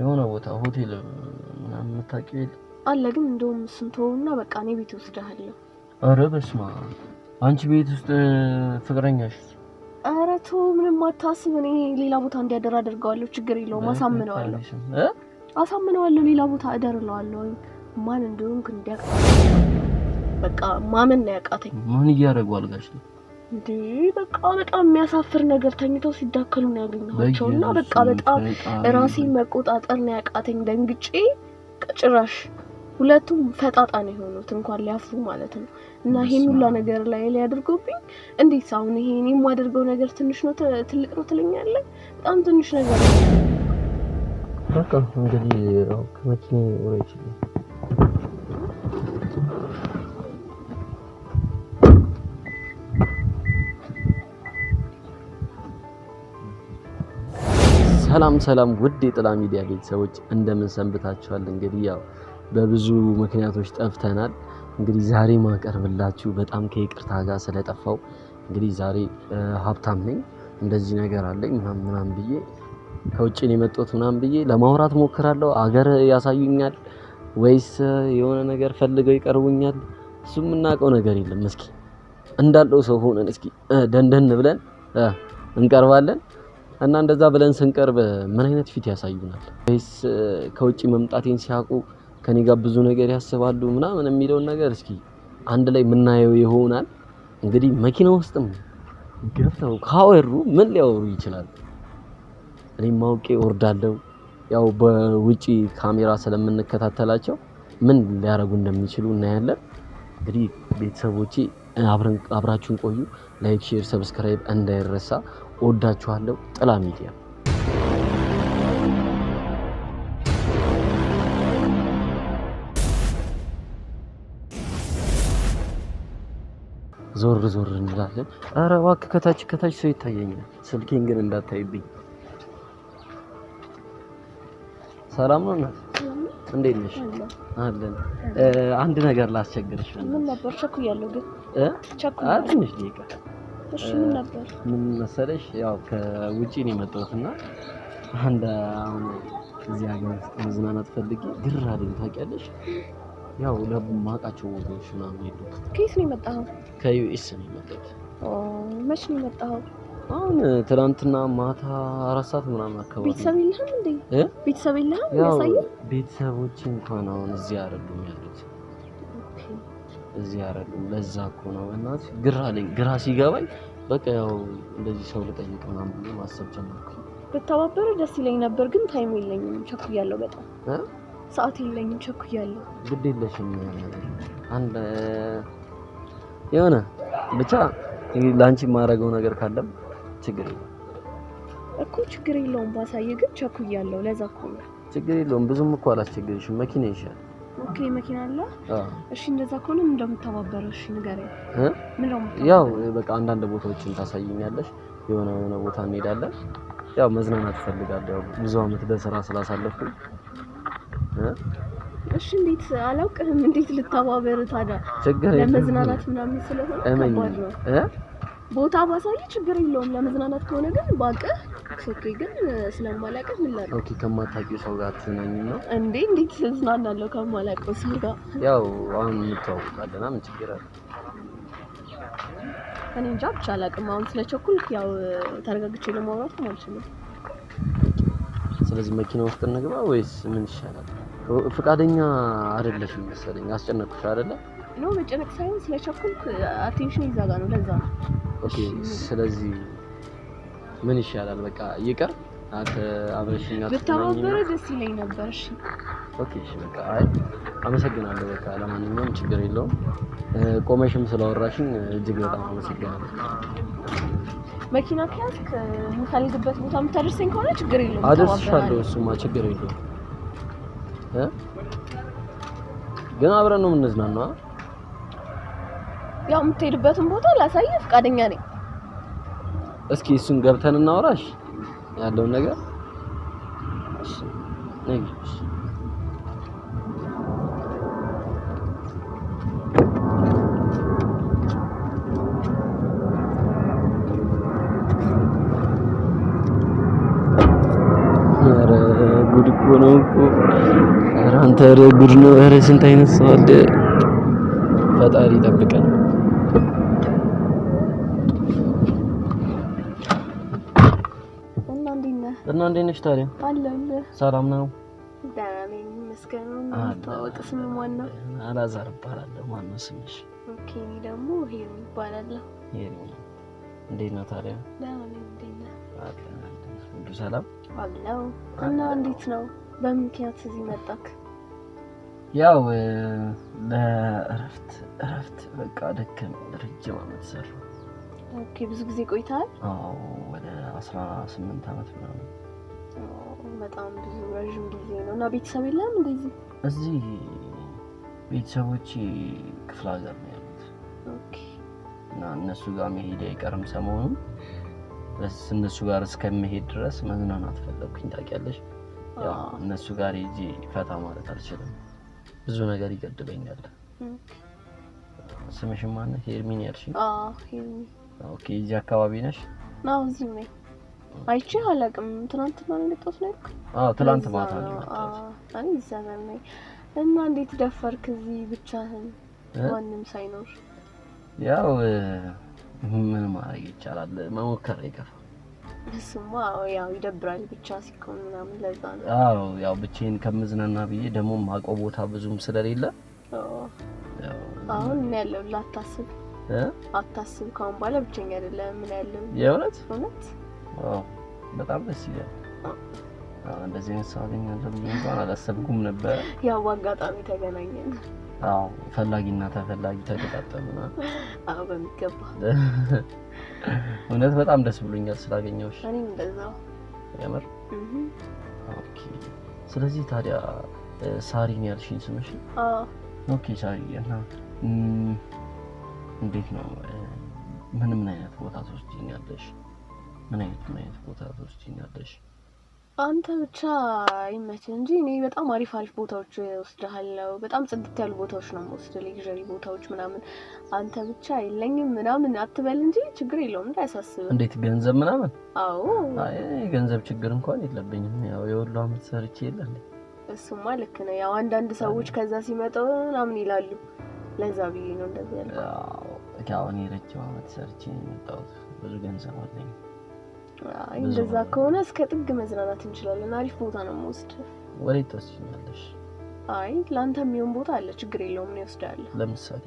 የሆነ ቦታ ሆቴል ምናምን የምታውቂው የለ አለ። ግን እንደውም ስንቶና በቃ እኔ ቤት ወስድሃለሁ። አረ በስማ አንቺ ቤት ውስጥ ፍቅረኛሽ? አረ ተው፣ ምንም አታስብ። እኔ ሌላ ቦታ እንዲያደር አድርገዋለሁ። ችግር የለውም። አሳምነዋለሁ አሳምነዋለሁ። ሌላ ቦታ እደርለዋለሁ። ማን እንደሆንክ እንዲያውቅ በቃ ማመን ነው ያቃተኝ። ምን እያደረጉ አልጋሽ ነው እንዴ በቃ በጣም የሚያሳፍር ነገር ተኝተው ሲዳከሉ ነው ያገኘኋቸው። እና በቃ በጣም ራሴን መቆጣጠር ነው ያቃተኝ። ደንግጬ ጭራሽ ሁለቱም ፈጣጣ ነው የሆኑት እንኳን ሊያፍሩ ማለት ነው። እና ይሄን ሁላ ነገር ላይ ሊያደርጉብኝ እንዴት አሁን ይሄ እኔ የማደርገው ነገር ትንሽ ነው ትልቅ ነው ትለኛለህ? በጣም ትንሽ ነገር ነው። በቃ እንግዲህ ከመኪና ወረ ይችላል ሰላም ሰላም ውድ የጥላ ሚዲያ ቤተሰቦች እንደምን ሰንብታችኋል? እንግዲህ ያው በብዙ ምክንያቶች ጠፍተናል። እንግዲህ ዛሬ ማቀርብላችሁ በጣም ከይቅርታ ጋር ስለጠፋው እንግዲህ ዛሬ ሀብታም ነኝ እንደዚህ ነገር አለኝ ምናምን ምናምን ብዬ ከውጭ ነው የመጣሁት ምናምን ብዬ ለማውራት ሞክራለሁ። አገር ያሳዩኛል ወይስ የሆነ ነገር ፈልገው ይቀርቡኛል? እሱ የምናውቀው ነገር የለም። እስኪ እንዳለው ሰው ሆነን እስኪ ደንደን ብለን እንቀርባለን። እና እንደዛ ብለን ስንቀርብ ምን አይነት ፊት ያሳዩናል? ወይስ ከውጭ መምጣቴን ሲያውቁ ከኔ ጋር ብዙ ነገር ያስባሉ ምናምን የሚለውን ነገር እስኪ አንድ ላይ የምናየው ይሆናል። እንግዲህ መኪና ውስጥም ገብተው ካወሩ ምን ሊያወሩ ይችላል? እኔም ማውቄ ወርዳለው ያው በውጪ ካሜራ ስለምንከታተላቸው ምን ሊያደርጉ እንደሚችሉ እናያለን። እንግዲህ ቤተሰቦቼ አብራችሁን ቆዩ። ላይክ፣ ሼር፣ ሰብስክራይብ እንዳይረሳ። ወዳችኋለሁ። ጥላ ሚዲያ ዞር ዞር እንላለን። አረ እባክህ ከታች ከታች ሰው ይታየኛል። ስልኬን ግን እንዳታይብኝ። ሰላም ነው እናት፣ እንዴት ነሽ? አለን። አንድ ነገር ላስቸግርሽ። ምን ነበር? ቸኩያለሁ ግን እ ትንሽ ደቂቃ ምን መሰለሽ፣ ያው ከውጪ ነው የመጣሁት እና አንድ አሁን እዚህ ሀገር ውስጥ መዝናናት ፈልጌ ድር አለኝ። ታውቂያለሽ፣ ያው ለማውቃቸው ወገኖች ምናምን የሉም። ከየት ነው የመጣኸው? ከዩኤስ ነው የመጣሁት። መች ነው የመጣኸው? አሁን ትናንትና ማታ አራት ሰዓት ምናምን አካባቢ። ቤተሰብ የለህም እንዴ? ቤተሰብ የለህም? ያሳየ ቤተሰቦች እንኳን አሁን እዚህ አይደሉም ያሉት እዚህ አይደለም። ለዛ እኮ ነው እናት ግራ ላይ ግራ ሲገባኝ በቃ ያው እንደዚህ ሰው ልጠይቅ ምናምን ብዬ ማሰብ ጀመርኩ። ብታባበረ ደስ ይለኝ ነበር፣ ግን ታይም የለኝም። ቸኩያለሁ፣ በጣም ሰዓት የለኝም፣ ቸኩያለሁ። ግድ የለሽም አንድ የሆነ ብቻ ለአንቺ የማደርገው ነገር ካለም ችግር የለውም እኮ ችግር የለውም። ባሳየ ግን ቸኩያለሁ። ለዛ እኮ ነው ችግር የለውም። ብዙም እኮ አላስቸግርሽም። መኪና ይሻል ኦኬ መኪና አለ። እሺ እንደዛ ከሆነ ምን እንደምተባበረ እሺ ንገረኝ። ያው በቃ አንዳንድ ቦታዎችን ታሳይኛለሽ፣ የሆነ የሆነ ቦታ እንሄዳለን። ያው መዝናናት እፈልጋለሁ፣ ያው ብዙ አመት በስራ ስላሳለፍኩ እሺ እንዴት አላውቅህም፣ እንዴት ልተባበር ታዲያ? ለመዝናናት ምናምን ስለሆነ ከባድ ነው። ቦታ ባሳይ ችግር የለውም። ለመዝናናት ከሆነ ግን ባቅህ ኦኬ ግን ስለማላውቀው ምን ላድርግ? ኦኬ ከማታውቂው ሰው ጋር ትናኝ ነው እንዴ? እንዴት እዝናናለሁ ከማላውቀው ሰው ጋር? ያው አሁን እንተዋወቃለና ምን ችግር አለ? እኔ እንጃ ብቻ አላውቅም። አሁን ስለቸኩልክ ያው ተረጋግቼ ለማውራት አልችልም። ስለዚህ መኪና ውስጥ እንግባ ወይስ ምን ይሻላል? ፈቃደኛ አይደለሽም መሰለኝ። አስጨነቅኩሽ አይደለ? ነው መጨነቅ ሳይሆን ስለቸኩልክ አቴንሽን ይዛጋ ነው ለዛ። ኦኬ ስለዚህ ምን ይሻላል? በቃ ይቅር አንተ አብረሽኛ ብታማበረ ደስ ይለኝ ነበር። እሺ ኦኬ፣ እሺ በቃ አይ አመሰግናለሁ። በቃ ለማንኛውም ችግር የለውም። ቆመሽም ስለወራሽኝ እጅግ በጣም አመሰግናለሁ። መኪና ከያዝክ የምፈልግበት ቦታ የምታደርሰኝ ከሆነ ችግር የለውም፣ አደርስሻለሁ። እሱማ ችግር የለውም ግን አብረን ነው የምንዝናናው። ያው የምትሄድበትን ቦታ ላሳየህ ፈቃደኛ ነኝ። እስኪ እሱን ገብተን እናወራሽ ያለውን ነገር ጉድ እኮ ነው እኮ። ኧረ አንተ ኧረ ጉድ ነው። ኧረ ስንት አይነት ሰው አለ። ፈጣሪ ይጠብቀን። እና እንዴት ነሽ ታዲያ? አለሁልህ። ሰላም ነው? ደህና ነኝ ይመስገን። እንተዋወቅስ? ምን ማነው? አላዛር እባላለሁ። ማነው ስምሽ? ደግሞ ሄሉ እባላለሁ። እንዴት ነው ታዲያ? ሁሉ ሰላም አለው። እና እንዴት ነው? በምክንያት እዚህ መጣክ? ያው ለእረፍት እረፍት በቃ ደከመኝ። ረጅም ዓመት ሰራሁ። ብዙ ጊዜ ቆይታል ወደ አስራ ስምንት ዓመት ምናምን በጣም ብዙ ረዥም ጊዜ ነው እና ቤተሰብ የለም እንደዚህ እዚህ ቤተሰቦች ክፍለ ሀገር ነው ያሉት እና እነሱ ጋር መሄድ አይቀርም ሰሞኑን እነሱ ጋር እስከመሄድ ድረስ መዝናናት ፈለግኩኝ ታውቂያለሽ እነሱ ጋር ይዚ ፈታ ማለት አልችልም ብዙ ነገር ይገድበኛል ስምሽ ማነ ሄርሚን ያልሽ ሄርሚን ኦኬ እዚህ አካባቢ ነሽ ነው እዚህ አይቼ አላውቅም። ትናንትና ነው የመጣሁት ነው እኮ። አዎ ትናንት ማታ ነው የመጣሁት። እኔ ዘመን ነኝ እና እንዴት ደፈርክ እዚህ ብቻህን ማንም ሳይኖር? ያው ምን ማድረግ ይቻላል፣ መሞከር አይከፋም። እሱማ ያው ይደብራል ብቻ ሲሆን ምናምን፣ ለዛ ነው። አዎ ያው ብቻዬን ከምዝናና ብዬ ደግሞ ማውቀው ቦታ ብዙም ስለሌለ አሁን ምን ያለው ላታስብ አታስብ። ካሁን በኋላ ብቸኛ አይደለም። ምን ያለው የእውነት እውነት በጣም ደስ ይላል። እንደዚህ አይነት ሰው አገኛለሁ ብዬ እንኳን አላሰብኩም ነበር። ያው አጋጣሚ ተገናኘን። አዎ ፈላጊና ተፈላጊ ተገጣጠምና፣ አዎ በሚገባ እውነት በጣም ደስ ብሎኛል ስላገኘሁሽ። እኔም እንደዛው ያምር። ኦኬ። ስለዚህ ታዲያ ሳሪን ያልሽኝ ስምሽ? አዎ። ኦኬ ሳሪ እና እንዴት ነው ምንም አይነት ቦታ ትወስጂኛለሽ? ምን አይነት ምን አይነት ቦታ አንተ ብቻ ይመችህ እንጂ እኔ በጣም አሪፍ አሪፍ ቦታዎች ወስድሃለሁ። በጣም ጽድት ያሉ ቦታዎች ነው የምወስድ፣ ሌክዠሪ ቦታዎች ምናምን። አንተ ብቻ የለኝም ምናምን አትበል እንጂ ችግር የለውም እንዳያሳስብ። እንዴት ገንዘብ ምናምን? አዎ የገንዘብ ችግር እንኳን የለብኝም። ያው የወሎ አመት ሰርቼ የለን። እሱማ ልክ ነው። ያው አንዳንድ ሰዎች ከዛ ሲመጡ ምናምን ይላሉ። ለዛ ብዬ ነው እንደዚህ ያለ። ያው እኔ ረጅም አመት ሰርቼ የመጣሁት ብዙ ገንዘብ አለኝ። እንደዛ ከሆነ እስከ ጥግ መዝናናት እንችላለን። አሪፍ ቦታ ነው የምወስድ። ወዴት ትወስጂኛለሽ? አይ ለአንተ የሚሆን ቦታ አለ፣ ችግር የለውም። ነው እወስድሃለሁ። ለምሳሌ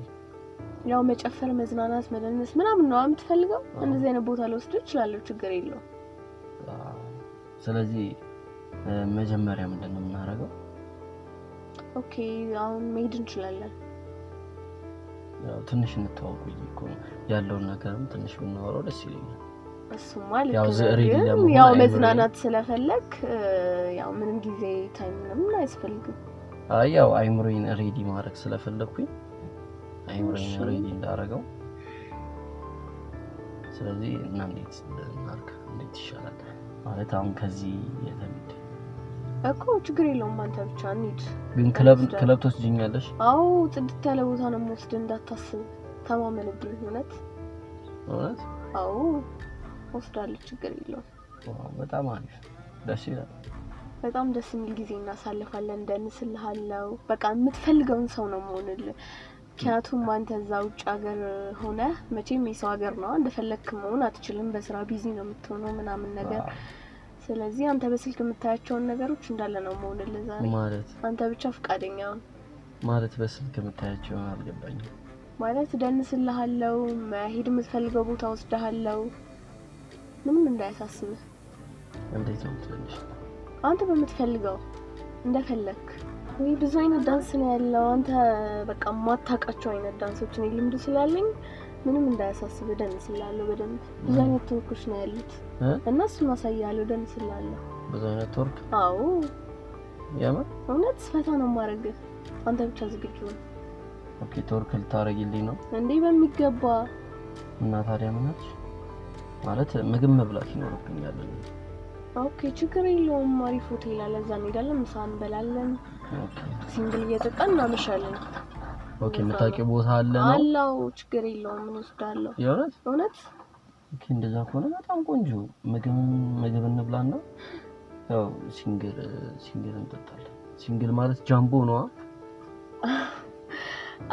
ያው መጨፈር፣ መዝናናት፣ መደነስ ምናምን ነው የምትፈልገው? እንደዚህ አይነት ቦታ ልወስድ እችላለሁ፣ ችግር የለውም። ስለዚህ መጀመሪያ ምንድን ነው የምናደርገው? ኦኬ አሁን መሄድ እንችላለን። ያው ትንሽ እንተዋወቅ ብዬሽ እኮ ያለውን ነገርም ትንሽ ብናወራው ደስ ይለኛል። እሱማ ግን ያው መዝናናት ስለፈለግ ያው ምንም ጊዜ ታይም ምንም አያስፈልግም። ያው አይምሮዬን ሬዲ ማድረግ ስለፈለግኩኝ አይምሮዬን ሬዲ እንዳደረገው፣ ስለዚህ እና እንዴት እናድርግ፣ እንዴት ይሻላል ማለት አሁን ከዚህ የተሚድ እኮ ችግር የለውም። አንተ ብቻ እንሂድ። ግን ክለብ ክለብ ትወስጂኛለሽ? አዎ ጽድት ያለ ቦታ ነው የምወስድ፣ እንዳታስብ፣ ተማመንብኝ። እውነት እውነት? አዎ ወስዷል። ችግር የለውም። በጣም አሪፍ ደስ ይላል። በጣም ደስ የሚል ጊዜ እናሳልፋለን። እንደንስልሃለው በቃ የምትፈልገውን ሰው ነው መሆንልህ። ምክንያቱም አንተ እዛ ውጭ ሀገር ሆነ መቼም የሰው ሀገር ነው እንደፈለግክ መሆን አትችልም። በስራ ቢዚ ነው የምትሆነው ምናምን ነገር ስለዚህ አንተ በስልክ የምታያቸውን ነገሮች እንዳለ ነው መሆንልህ። ዛሬ ማለት አንተ ብቻ ፈቃደኛ ማለት በስልክ የምታያቸው አልገባኝም። ማለት ደንስልሃለው መሄድ የምትፈልገው ቦታ ወስደሃለው ምንም እንዳያሳስብህ። እንዴት ነው ትንሽ አንተ በምትፈልገው እንደፈለክ ወይ ብዙ አይነት ዳንስ ነው ያለው። አንተ በቃ ማታውቃቸው አይነት ዳንሶች ነው ልምዱ ስላለኝ ምንም እንዳያሳስብ ደንስ ስላለሁ በደንብ ብዙ አይነት ትወርኮች ነው ያሉት እና እሱን አሳያለሁ። ደንስ ስላለሁ ብዙ አይነት ትወርክ። አዎ ያማ እውነት ስፈታ ነው የማደርግህ። አንተ ብቻ ዝግጁ ነው? ኦኬ ትወርክ ልታረጊልኝ ነው እንዴ? በሚገባ እና ታዲያ ምን አልሽ? ማለት ምግብ መብላት ይኖርብኛል። ኦኬ ችግር የለውም። አሪፍ ሆቴል አለ፣ እዛ እንሄዳለን፣ ምሳ እንበላለን፣ ሲንግል እየጠጣን እናመሻለን። ኦኬ የምታውቂው ቦታ አለ ነው? አላው ችግር የለውም። ምን ወስዳለሁ? የእውነት እውነት። ኦኬ እንደዛ ከሆነ በጣም ቆንጆ። ምግብ ምግብ እንብላና ያው ሲንግል ሲንግል እንጠጣለን። ሲንግል ማለት ጃምቦ ነው።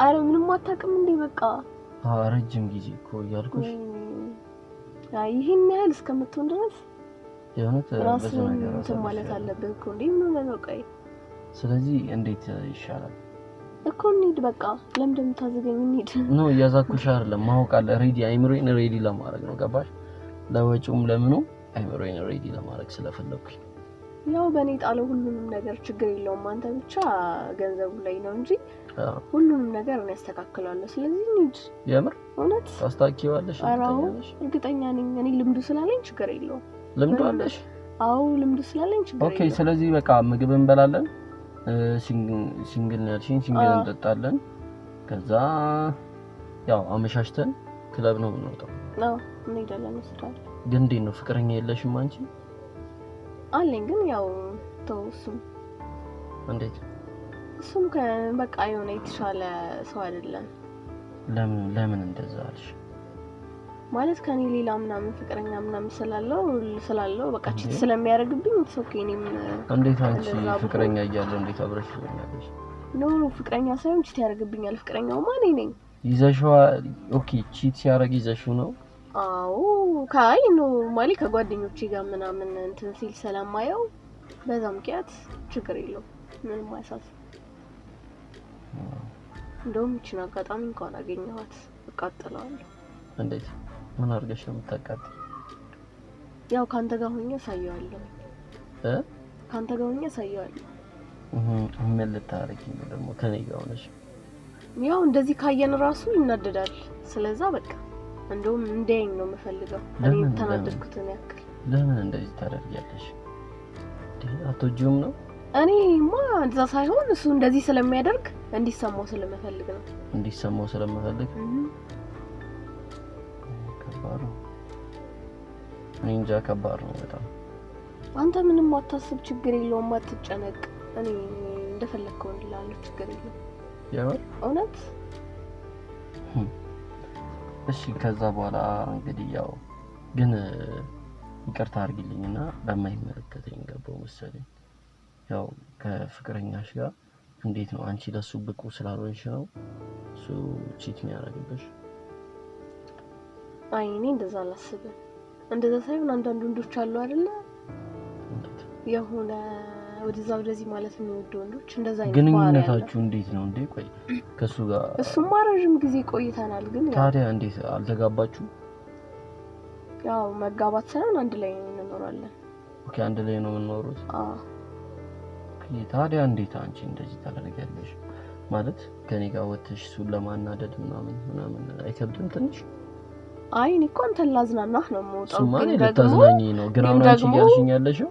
አረ ምንም አታውቅም እንዴ? በቃ ረጅም ጊዜ እኮ እያልኩሽ ይህን ያህል እስከምትሆን ድረስ ራስን እንትን ማለት አለብህ እኮ እንዴ ምን ነው ስለዚህ እንዴት ይሻላል እኮ እንሂድ በቃ ለምን እንደምታዘገኝ እንሂድ ነው እያዛኩሽ አይደለም ማወቅ አለ ሬዲ አይምሮዬን ሬዲ ለማድረግ ነው ገባሽ ለወጪውም ለምኑ አይምሮዬን ሬዲ ለማድረግ ስለፈለኩኝ ያው በእኔ ጣለው ሁሉንም ነገር ችግር የለውም አንተ ብቻ ገንዘቡ ላይ ነው እንጂ ሁሉንም ነገር እኔ ያስተካክላለሁ። ስለዚህ እንሂድ። የምር እውነት ታስታኪዋለሽ? እርግጠኛ ነኝ። እኔ ልምዱ ስላለኝ ችግር የለውም። ልምዱ አለሽ? አዎ ልምዱ ስላለኝ ችግር ኦኬ። ስለዚህ በቃ ምግብ እንበላለን፣ ሲንግል ያልሽኝ ሲንግል እንጠጣለን። ከዛ ያው አመሻሽተን ክለብ ነው የምንወጣው። አዎ እንሄዳለን። ስራ ግን እንዴት ነው ፍቅረኛ የለሽም አንቺ? አለኝ ግን ያው ተው እሱም እንዴት እሱም በቃ የሆነ የተሻለ ሰው አይደለም። ለምን እንደዛ አልሽ? ማለት ከኔ ሌላ ምናምን ፍቅረኛ ምናምን ስላለው ስላለው በቃ ቺት ስለሚያደርግብኝ ኦኬ። እኔም እንዴት አንቺ ፍቅረኛ እያለ እንዴት አብረሽ ትሆኛለሽ? ኖ ፍቅረኛ ሳይሆን ቺት ያደርግብኛል። ፍቅረኛው ማኔ ነኝ። ይዘሽዋ? ኦኬ ቺት ሲያደርግ ይዘሽው ነው? አዎ። ከአይ ኖ ማለት ከጓደኞቼ ጋር ምናምን እንትን ሲል ስለማየው በዛ ምክንያት ችግር የለው ምንም አያሳስብም። እንደውም ይችን አጋጣሚ እንኳን አገኘኋት እቃጥለዋለሁ። እንዴት? ምን አድርገሽ ነው የምታቃጥል? ያው ከአንተ ጋር ሆኜ አሳየዋለሁ እ ከአንተ ጋር ሆኜ አሳየዋለሁ። ምን ልታረጊኝ ነው ደግሞ ከኔ ጋር ሆነሽ? ያው እንደዚህ ካየን ራሱ ይናደዳል። ስለዛ በቃ እንደውም እንዲያየኝ ነው የምፈልገው። እኔ ተናደድኩትን ያክል ለምን እንደዚህ ታደርጊያለሽ? አትወጂውም ነው? ማ እንደዛ ሳይሆን እሱ እንደዚህ ስለሚያደርግ እንዲሰማው ስለምፈልግ ነው። እንዲሰማው ስለምፈልግ ከባድ ነው። እኔ እንጃ፣ ከባድ ነው በጣም። አንተ ምንም አታስብ፣ ችግር የለውም፣ አትጨነቅ። እኔ እንደፈለግከው እንላለሁ፣ ችግር የለውም። እውነት። እሺ፣ ከዛ በኋላ እንግዲህ ያው ግን ይቅርታ አድርጊልኝና በማይመለከተኝ ገባው መሰለኝ ያው ከፍቅረኛሽ ጋር እንዴት ነው አንቺ ለሱ ብቁ ስላልሆንሽ ነው እሱ ቺት የሚያደርግብሽ? አይ እኔ እንደዛ አላስብም። እንደዛ ሳይሆን አንዳንድ ወንዶች አሉ አይደለ የሆነ ወደዛ ወደዚህ ማለት የሚወዱ ወንዶች እንደዛ ግንኙነታችሁ እንዴት ነው እንዴ? ቆይ ከእሱ ጋር እሱማ ረዥም ጊዜ ቆይተናል። ግን ታዲያ እንዴት አልተጋባችሁ? ያው መጋባት ሳይሆን አንድ ላይ እንኖራለን። ኦኬ አንድ ላይ ነው የምንኖሩት? አዎ ታዲያ እንዴት አንቺ እንደዚህ ታደርጊያለሽ? ማለት ከኔ ጋር ወጥተሽ እሱን ለማናደድ ምናምን ምናምን አይከብድም ትንሽ? አይ እኔ እኮ አንተን ላዝናናህ ነው የምወጣው። ግን ልታዝናኝ ነው። ግን አሁን አንቺ እያልሽኝ ያለሽው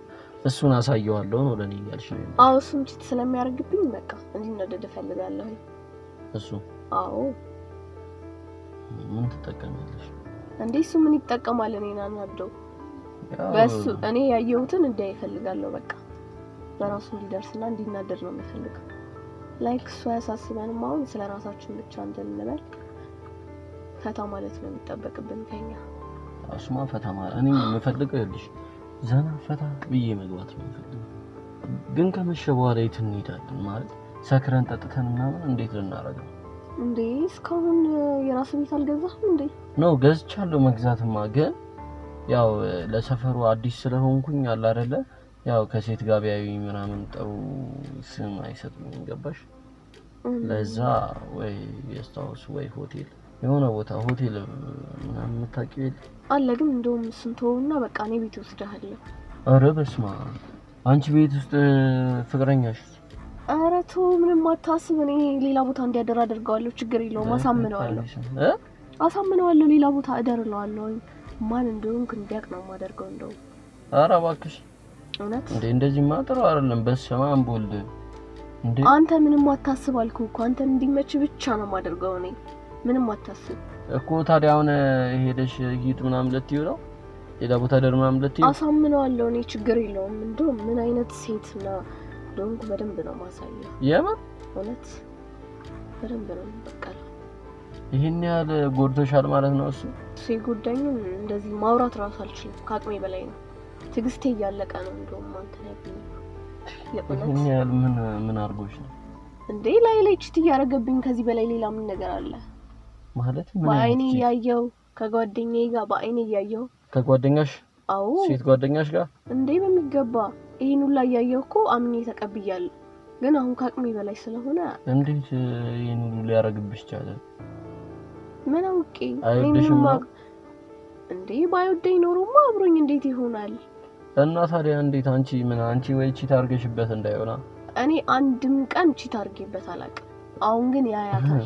እሱን አሳየዋለሁ ነው ለእኔ እያልሽ ነው? አዎ እሱም ችት ስለሚያደርግብኝ በቃ እንዲነደድ እፈልጋለሁ። እሱ አዎ ምን ትጠቀማለሽ እንዴ? እሱ ምን ይጠቀማል? እኔን አናደው በእሱ እኔ ያየሁትን እንዲያይ ይፈልጋለሁ በቃ በራሱ እንዲደርስና እንዲናደድ ነው የምፈልገው። ላይክ እሱ አያሳስበንም። አሁን ስለ ራሳችን ብቻ እንድንበል ፈታ ማለት ነው የሚጠበቅብን ከኛ። እሱማ ፈታ ማለት እኔ የምፈልገው ልጅ ዘና ፈታ ብዬ መግባት ነው የምፈልገው። ግን ከመሸ በኋላ የት እንሄዳለን? ማለት ሰክረን ጠጥተን ምናምን እንዴት ልናደርገው እንዴ? እስካሁን የራስ ቤት አልገዛህም እንዴ? ነው ገዝቻለሁ። መግዛትማ ግን ያው ለሰፈሩ አዲስ ስለሆንኩኝ አለ አይደለ ያው ከሴት ጋር ቢያዩ ምናምን ጥሩ ስም አይሰጡም። ገባሽ? ለዛ ወይ ጌስታውስ ወይ ሆቴል የሆነ ቦታ ሆቴል ምናምን የምታውቂው የለ አለ። ግን እንደውም እሱን በቃ እኔ ቤት እወስድሃለሁ። ኧረ በስመ አብ! አንቺ ቤት ውስጥ ፍቅረኛሽ? ኧረ ተው፣ ምንም አታስብ። እኔ ሌላ ቦታ እንዲያደር አደርገዋለሁ። ችግር የለውም። አሳምነዋለሁ አሳምነዋለሁ። ሌላ ቦታ እደርለዋለሁ። ማን እንደሆንክ እንዲያውቅ ነው የማደርገው። እንደውም ኧረ እባክሽ ነው እንዴ! እንደዚህ ማጥሩ አይደለም። በስመ አብ ወልድ እንዴ! አንተ ምንም አታስብ አልኩ እኮ አንተ እንዲመች ብቻ ነው የማደርገው እኔ። ምንም አታስብ እኮ ታዲያ አሁን ሄደሽ ሂድ ምናምን ልትይው ነው ሌላ ቦታ ደር ምናምን ልትይው አሳምነዋለሁ እኔ። ችግር የለውም እንደውም ምን አይነት ሴት እና እንደሆንኩ በደንብ ነው ማሳየው። የምር እውነት በደንብ ነው በቃ ይህን ያህል ጎድቶሻል ማለት ነው። እሱ እሱ እንደዚህ ማውራት እራሱ አልችልም፣ ከአቅሜ በላይ ነው። ትዕግስቴ እያለቀ ነው። እንደውም አንተ ነብኝ የእውነት ምን ምን አድርጎሽ ነው እንዴ? ላይ ላይ ችት እያደረገብኝ ከዚህ በላይ ሌላ ምን ነገር አለ ማለት? ምን በአይኔ እያየው ከጓደኛዬ ጋር በአይኔ እያየው ከጓደኛሽ? አዎ ሴት ጓደኛሽ ጋር እንዴ? በሚገባ ይሄን ሁላ እያየው እኮ አምኜ ተቀብያለሁ። ግን አሁን ከአቅሜ በላይ ስለሆነ እንዴት ይሄን ሁሉ ሊያደርግብሽ ቻለ? ምን አውቄ አይወደሽም እንዴ? ባይወደኝ ኖሮማ አብሮኝ እንዴት ይሆናል? እና ታዲያ እንዴት አንቺ ምን አንቺ ወይ ቺት አድርገሽበት እንዳይሆና። እኔ አንድም ቀን ቺት አድርጌበት አላውቅም። አሁን ግን ያያታል፣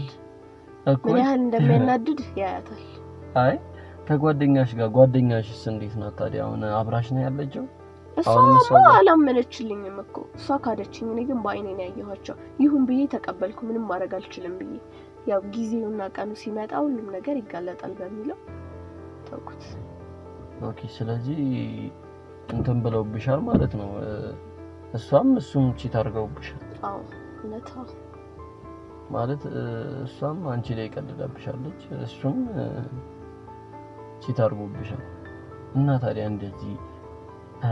ምን ያህል እንደሚያናድድ ያያታል። አይ ከጓደኛሽ ጋር ጓደኛሽስ እንዴት ናት ታዲያ? አሁን አብራሽ ነው ያለችው? እሷ አላመነችልኝም እኮ እሷ ካደችኝ። እኔ ግን በአይኔ ነው ያየኋቸው። ይሁን ብዬ ተቀበልኩ፣ ምንም ማድረግ አልችልም ብዬ ያው ጊዜውና ቀኑ ሲመጣ ሁሉም ነገር ይጋለጣል በሚለው ተውኩት። ኦኬ ስለዚህ እንትን ብለውብሻል ማለት ነው። እሷም እሱም ቺት አድርገውብሻል ማለት እሷም አንቺ ላይ ቀልዳብሻለች፣ እሱም ቺት አድርጎብሻል። እና ታዲያ እንደዚህ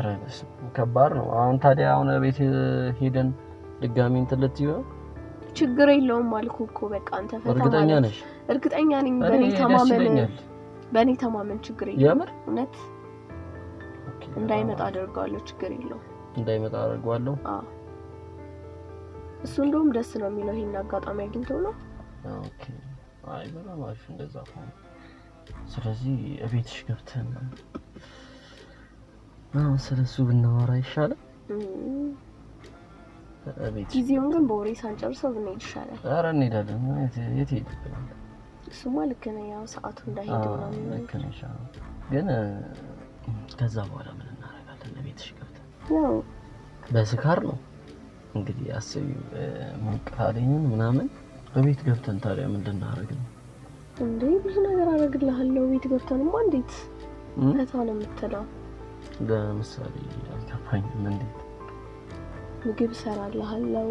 ረስ ከባድ ነው። አሁን ታዲያ አሁን ቤት ሄደን ድጋሚ እንትን ልትይ ችግር የለውም አልኩ እኮ በቃ አንተ ፈታ። እርግጠኛ ነሽ? እርግጠኛ ነኝ። በእኔ ተማመን፣ በእኔ ተማመን። ችግር የለም እውነት እንዳይመጣ አደርገዋለሁ። ችግር የለው እንዳይመጣ አደርገዋለሁ። እሱ እንደውም ደስ ነው የሚለው ይሄን አጋጣሚ አግኝተው ነው። ኦኬ አይ በጣም አሪፍ እንደዛ ከሆነ ስለዚህ እቤትሽ ገብተን አሁን ስለሱ ብናወራ ይሻላል። ጊዜውን ግን በወሬ ሳንጨርሰው ብንሄድ ይሻላል። ኧረ እንሄዳለን። የት ሄድብናል? እሱማ ልክ ነህ። ያው ሰዓቱ እንዳይሄድ ነው ግን ከዛ በኋላ ምን እናደርጋለን? ቤትሽ ገብተን በስካር ነው እንግዲህ አስቢ፣ ሞቅ ምናምን በቤት ገብተን ታዲያ ምን እንድናደርግ ነው እንዴ? ብዙ ነገር አደርግልሃለሁ። ቤት ገብተንማ እንዴት ነታ ነው የምትለው? ለምሳሌ አልከፋኝም። እንዴት ምግብ እሰራልሃለሁ፣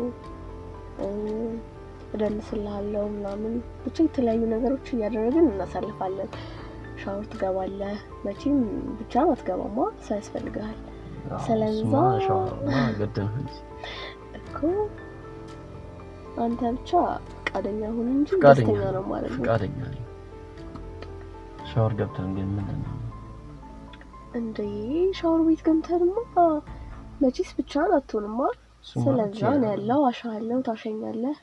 እደንስልሃለሁ ምናምን ብቻ የተለያዩ ነገሮች እያደረግን እናሳልፋለን። ሻወር ትገባለህ። መቼም ብቻ አትገባማ፣ ሰው ያስፈልግሃል። ስለዛ አንተ ብቻ ፍቃደኛ ሁን እንጂ ደስተኛ ነው ማለት ነው። ሻወር ገብተን ግን ምንድን ነው እንደ ሻወር ቤት ገብተንማ መቼስ ብቻህን አትሆንማ። ስለዛ ነው ያለው። አሻለው ታሸኛለህ።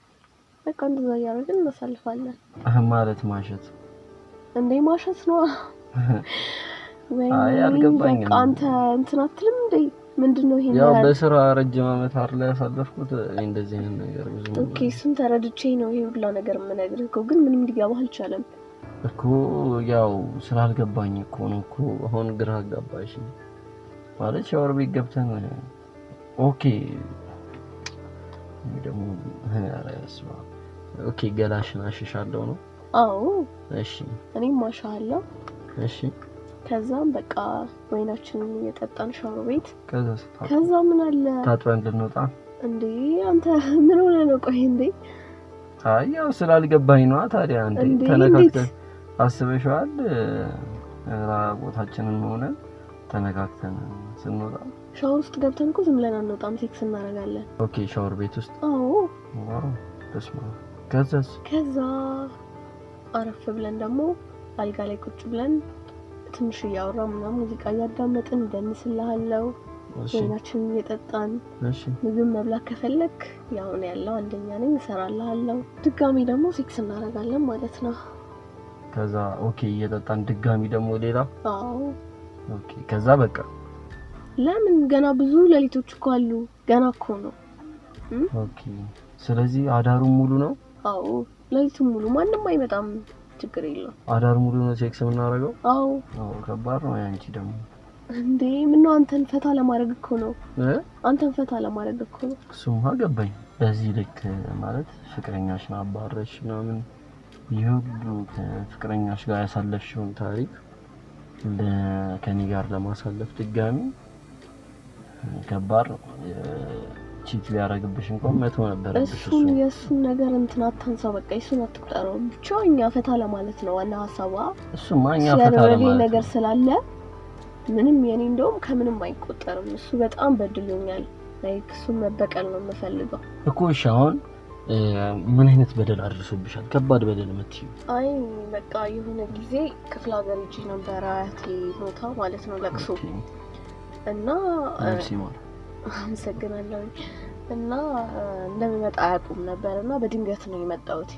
በቃ እንደዛ እያደረግን እናሳልፋለን ማለት ማሸት እንዴ ማሸት ነው? አይ አልገባኝም። አንተ እንትን አትልም እንዴ? ምንድነው ይሄ? ያው በስራ ረጅም ዓመት ላይ ያሳለፍኩት እንደዚህ አይነት ነገር ብዙ ነው። ኦኬ እሱን ተረድቼ ነው ይሄ ሁላ ነገር የምነግርህ እኮ፣ ግን ምንም ሊገባህ አልቻለም እኮ። ያው ስላልገባኝ እኮ ነው እኮ። አሁን ግራ አጋባሽ ማለት ሻወር ቤት ገብተን ኦኬ ደግሞ ኦኬ ገላሽን አሽሻለሁ ነው አዎ። እሺ። እኔ ማሻ አለው እሺ። ከዛም በቃ ወይናችንን እየጠጣን ሻወር ቤት። ከዛ ምን አለ ታጥበን ልንወጣ እንዴ? አንተ ምን ሆነ ነው? ቆይ እንዴ። አይ ያው ስላልገባኝ ነዋ። ታዲያ እንዴ ተነካክተን አስበሽዋል? ቦታችንን ሆነ ተነካክተን ስንወጣ ሻወር ውስጥ ገብተን እኮ ዝም ብለን አንወጣም፣ ሴክስ እናደርጋለን። ኦኬ ሻወር ቤት ውስጥ። አዎ። ዋው። ከዛ አረፍ ብለን ደግሞ አልጋ ላይ ቁጭ ብለን ትንሽ እያወራ ምናምን ሙዚቃ እያዳመጥን እደንስልሃለሁ፣ ወይናችን እየጠጣን ምግብ መብላት ከፈለግ ያሁን ያለው አንደኛ ነኝ እሰራልሃለው። ድጋሚ ደግሞ ሴክስ እናደርጋለን ማለት ነው። ከዛ ኦኬ እየጠጣን ድጋሚ ደግሞ ሌላ ኦኬ። ከዛ በቃ ለምን ገና ብዙ ሌሊቶች እኮ አሉ። ገና እኮ ነው። ኦኬ። ስለዚህ አዳሩ ሙሉ ነው። አዎ ሌሊቱን ሙሉ ማንም አይመጣም። ችግር የለው አዳር ሙሉ ነው ሴክስ የምናደርገው። አዎ አዎ፣ ከባድ ነው። ያንቺ ደግሞ እንዴ! ምነው አንተን ፈታ ለማድረግ እኮ ነው። አንተን ፈታ ለማድረግ እኮ ነው። እሱማ ገባኝ። በዚህ ልክ ማለት ፍቅረኛሽን አባረሽ ምናምን ይሁሉ ፍቅረኛሽ ጋር ያሳለፍሽውን ታሪክ ከኔ ጋር ለማሳለፍ ድጋሚ ከባድ ነው። ቺት ሊያደርግብሽ እንኳን መቶ ነበር። እሱን የእሱን ነገር እንትን አታንሳ፣ በቃ እሱን አትቁጠረው። ብቻ እኛ ፈታ ለማለት ነው ዋና ሀሳቧ። እሱማ እኛ ፈታ ለማለት ነው ነገር ስላለ ምንም የኔ እንደውም ከምንም አይቆጠርም። እሱ በጣም በድሎኛል። ላይክ እሱን መበቀል ነው የምፈልገው እኮ። እሺ አሁን ምን አይነት በደል አድርሶብሻል? ከባድ በደል የምትይው? አይ በቃ የሆነ ጊዜ ክፍለ ሀገር ሂጅ ነበረ አያቴ ቦታ ማለት ነው ለቅሶ እና አመሰግናለሁኝ። እና እንደሚመጣ አያውቁም ነበር እና በድንገት ነው የመጣሁት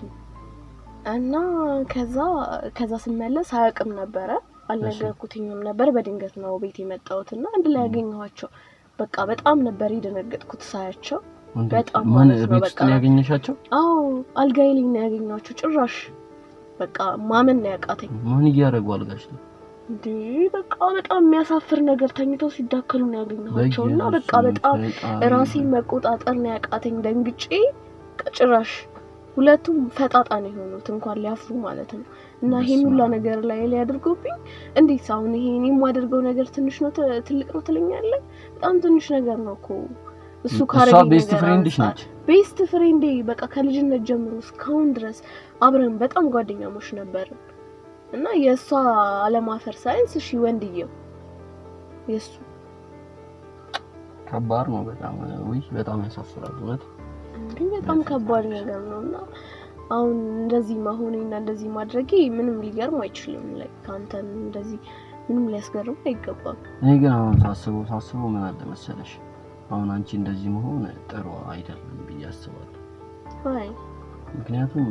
እና ከዛ ከዛ ስመለስ አያውቅም ነበረ አልነገርኩትኝም ነበር። በድንገት ነው ቤት የመጣሁት እና አንድ ላይ ያገኘኋቸው በቃ በጣም ነበር የደነገጥኩት ሳያቸው። በጣም ማለት ነው ያገኘሻቸው? አዎ አልጋይ ላይ ነው ያገኘኋቸው። ጭራሽ በቃ ማመን ነው ያቃተኝ። ምን እያደረጉ አልጋሽ ነው እንዴ በቃ በጣም የሚያሳፍር ነገር ተኝተው ሲዳከሉ ነው ያገኘኋቸው። እና በቃ በጣም ራሴን መቆጣጠር ነው ያቃተኝ። ደንግጬ ጭራሽ ሁለቱም ፈጣጣ ነው የሆኑት እንኳን ሊያፍሩ ማለት ነው። እና ይሄን ሁላ ነገር ላይ ሊያደርጉብኝ እንዴት አሁን ይሄን የማደርገው ነገር ትንሽ ነው ትልቅ ነው ትለኛለህ? በጣም ትንሽ ነገር ነው እኮ እሱ ካረገኝ ቤስት ፍሬንድሽ ነች። ቤስት ፍሬንዴ በቃ ከልጅነት ጀምሮ እስካሁን ድረስ አብረን በጣም ጓደኛሞች ነበር። እና የእሷ አለማፈር ሳይንስ እሺ፣ ወንድዬው የእሱ ከባድ ነው በጣም ወይ በጣም ያሳፍራል። እውነት በጣም ከባድ ነገር ነው እና አሁን እንደዚህ መሆኔና እንደዚህ ማድረጌ ምንም ሊገርም አይችልም። ላይ ከአንተን እንደዚህ ምንም ሊያስገርም አይገባም። እኔ ግን አሁን ሳስበው ሳስበው ምን አለ መሰለሽ አሁን አንቺ እንደዚህ መሆን ጥሩ አይደለም ብዬ አስባለሁ። አይ ምክንያቱም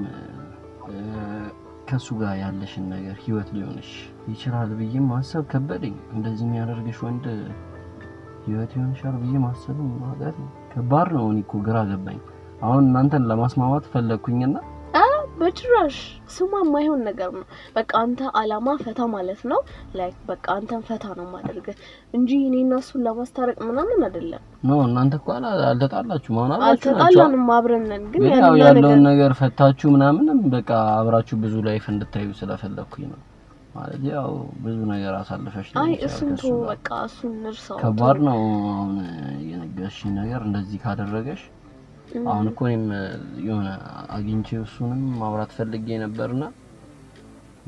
ከእሱ ጋር ያለሽን ነገር ህይወት ሊሆንሽ ይችላል ብዬ ማሰብ ከበደኝ። እንደዚህ የሚያደርግሽ ወንድ ህይወት ይሆንሻል ብዬ ማሰብ ማለት ከባድ ነው። እኔ እኮ ግራ ገባኝ። አሁን እናንተን ለማስማማት ፈለግኩኝና በጭራሽ ስሟ የማይሆን ነገር ነው። በቃ አንተ አላማ ፈታ ማለት ነው። ላይክ በቃ አንተን ፈታ ነው ማድረግ እንጂ እኔ እና እሱን ለማስታረቅ ምናምን አይደለም። ኖ እናንተ እኮ አልተጣላችሁ ማለት ነው። አልተጣላንም፣ አብረን ነን። ግን ያለውን ነገር ፈታችሁ ምናምንም በቃ አብራችሁ ብዙ ላይፍ እንድታዩ ስለፈለኩኝ ነው ማለት ያው ብዙ ነገር አሳልፈሽ ነው። አይ እሱን ተው በቃ እሱን እርሳው። ከባድ ነው አሁን የነገርሽኝ ነገር እንደዚህ ካደረገሽ አሁን እኮ እኔም የሆነ አግኝቼ እሱንም ማውራት ፈልጌ ነበርና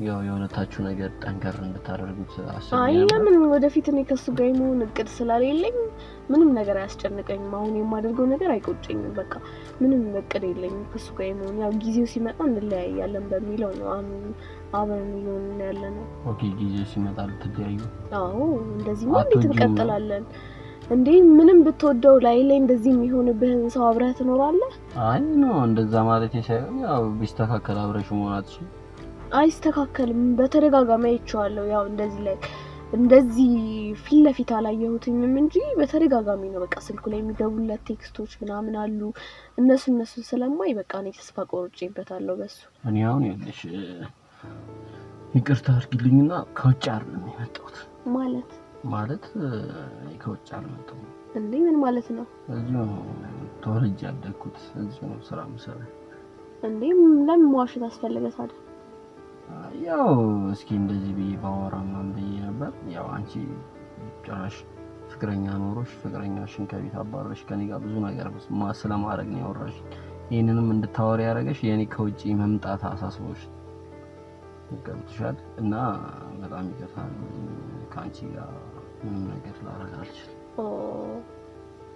ያው የሁለታችሁ ነገር ጠንከር እንድታደርጉት አስብ። አይ ለምን ወደፊት እኔ ከሱ ጋር የመሆን እቅድ ስላሌለኝ ምንም ነገር አያስጨንቀኝም። አሁን የማደርገው ነገር አይቆጨኝም። በቃ ምንም እቅድ የለኝም ከሱ ጋር የመሆን ያው ጊዜው ሲመጣ እንለያያለን በሚለው ነው አብረን እየሆንን ያለ ነው። ኦኬ ጊዜው ሲመጣ ልትለያዩ? አዎ እንደዚህ እንዴት እንቀጥላለን? እንዴ ምንም ብትወደው ላይ ላይ እንደዚህ የሚሆንብህን ሰው አብረህ ትኖራለህ? አይ ኖ እንደዛ ማለት ሳይሆን ያው ቢስተካከል አብረሽ መሆናት አይስተካከልም። በተደጋጋሚ አይቼዋለሁ። ያው እንደዚህ ላይ እንደዚህ ፊት ለፊት አላየሁትኝም እንጂ በተደጋጋሚ ነው በቃ ስልኩ ላይ የሚገቡለት ቴክስቶች ምናምን አሉ። እነሱ እነሱን ስለማይ በቃ እኔ ተስፋ ቆርጬበታለሁ በሱ። እኔ አሁን ያለሽ ይቅርታ አድርጊልኝና ከውጭ አይደለም የመጣሁት ማለት ማለት ከውጭ አልመጣሁም። እንዴ ምን ማለት ነው? እዚሁ ነው ተወልጄ ያደግኩት፣ እዚሁ ነው ስራ የምሰራው። እንዴ ለምን መዋሸት አስፈለገ ታዲያ? ያው እስኪ እንደዚህ ብዬ ባወራ ምናምን ብዬ ነበር። ያው አንቺ ጭራሽ ፍቅረኛ ኖሮሽ ፍቅረኛሽን ከቤት አባረሽ ከኔ ጋር ብዙ ነገር ስለማድረግ ነው ያወራሽ። ይህንንም እንድታወሪ ያደረገሽ የእኔ ከውጭ መምጣት አሳስቦች ገብትሻል። እና በጣም ይቅርታ ከአንቺ ጋር ምንም ነገር አልችልም።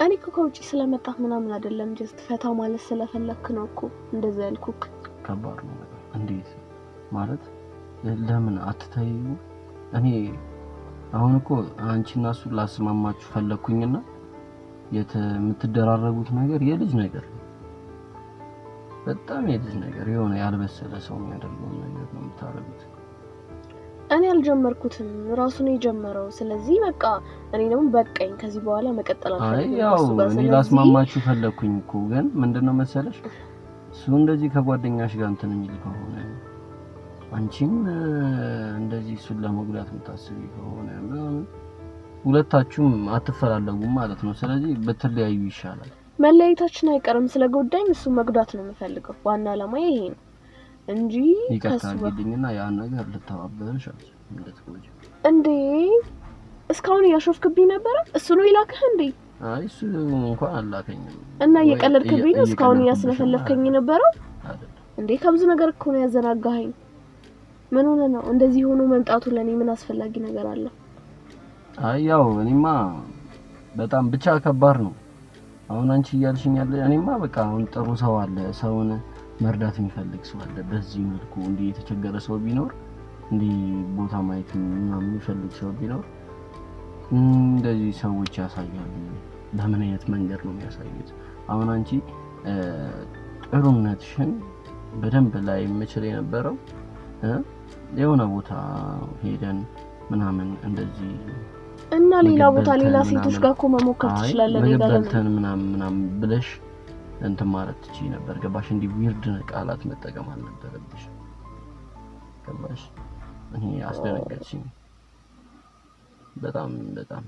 እኔ እኮ ከውጭ ስለመጣ ምናምን አይደለም። ጀስት ፈታ ማለት ስለፈለክ ነው እኮ እንደዛ ያልኩክ። ከባድ ነው ነገር እንዴት ማለት ለምን አትታዩ? እኔ አሁን እኮ አንቺና እሱ ላስማማችሁ ፈለግኩኝና የምትደራረጉት ነገር የልጅ ነገር ነው። በጣም የልጅ ነገር የሆነ ያልበሰለ ሰው የሚያደርገውን ነገር ነው የምታደርጉት። እኔ አልጀመርኩትም ራሱ ነው የጀመረው። ስለዚህ በቃ እኔ ደግሞ በቃኝ፣ ከዚህ በኋላ መቀጠል አልፈልግም። እኔ ላስማማችሁ ፈለግኩኝ እኮ ግን ምንድነው መሰለሽ እሱ እንደዚህ ከጓደኛሽ ጋር እንትን የሚል ከሆነ አንቺም እንደዚህ እሱን ለመጉዳት የምታስቢ ከሆነ ሁለታችሁም አትፈላለጉም ማለት ነው። ስለዚህ በተለያዩ ይሻላል። መለያየታችን አይቀርም። ስለጎዳኝ እሱ መጉዳት ነው የምፈልገው። ዋና ዓላማ ይሄ ነው። እንጂ ይቅርታ ያ ነገር ልተባበርሽ እንድትቆይ። እንዴ እስካሁን እያሾፍክብኝ ነበረ? እሱ ነው ይላክህ እንዴ? አይ እሱ እንኳን አላከኝም። እና እየቀለድክብኝ ነው እስካሁን እያስለፈለፍከኝ ነበረው እንዴ? ከብዙ ነገር እኮ ነው ያዘናጋኸኝ። ምን ሆነ ነው እንደዚህ ሆኖ መምጣቱ? ለእኔ ምን አስፈላጊ ነገር አለው? አይ ያው እኔማ በጣም ብቻ ከባድ ነው። አሁን አንቺ እያልሽኛለ። እኔማ በቃ አሁን ጥሩ ሰው አለ ሰውን መርዳት የሚፈልግ ሰው አለ። በዚህ መልኩ እንዲህ የተቸገረ ሰው ቢኖር እንዲህ ቦታ ማየት የሚፈልግ ሰው ቢኖር እንደዚህ ሰዎች ያሳያሉ። በምን አይነት መንገድ ነው የሚያሳዩት? አሁን አንቺ ጥሩነትሽን በደንብ ላይ የምችል የነበረው የሆነ ቦታ ሄደን ምናምን እንደዚህ እና ሌላ ቦታ ሌላ ሴቶች ጋር እኮ መሞከር ትችላለህ ምናምን ምናምን ብለሽ እንትን ማለት ትችይ ነበር። ገባሽ? እንዲህ ዊርድ ቃላት መጠቀም አልነበረብሽ። ገባሽ? እኔ አስደነገጥሽኝ በጣም በጣም።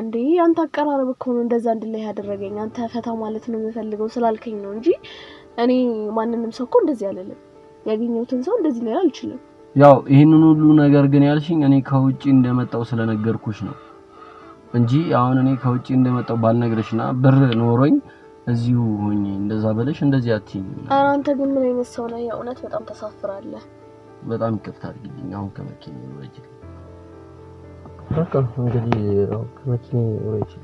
እንዴ አንተ አቀራረብ እኮ ነው እንደዛ እንድላይ ያደረገኝ። አንተ ፈታ ማለት ነው የምፈልገው ስላልከኝ ነው እንጂ እኔ ማንንም ሰው እኮ እንደዚህ አለለም ያገኘሁትን ሰው እንደዚህ ላይ አልችልም። ያው ይህንን ሁሉ ነገር ግን ያልሽኝ እኔ ከውጭ እንደመጣው ስለነገርኩሽ ነው እንጂ አሁን እኔ ከውጭ እንደመጣው ባልነግርሽና ብር ኖሮኝ እዚሁ ሆኜ እንደዛ በለሽ እንደዚህ አትይኝ። ኧረ አንተ ግን ምን አይነት ሰው ነህ? የእውነት በጣም ተሳፍራለህ። በጣም ይቅርታ አድርግልኝ። አሁን ከመኪና ይወረጅ። በቃ እንግዲህ ያው ከመኪና ይወረጅ።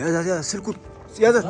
ያዛ ያዛ ስልኩን ያዛ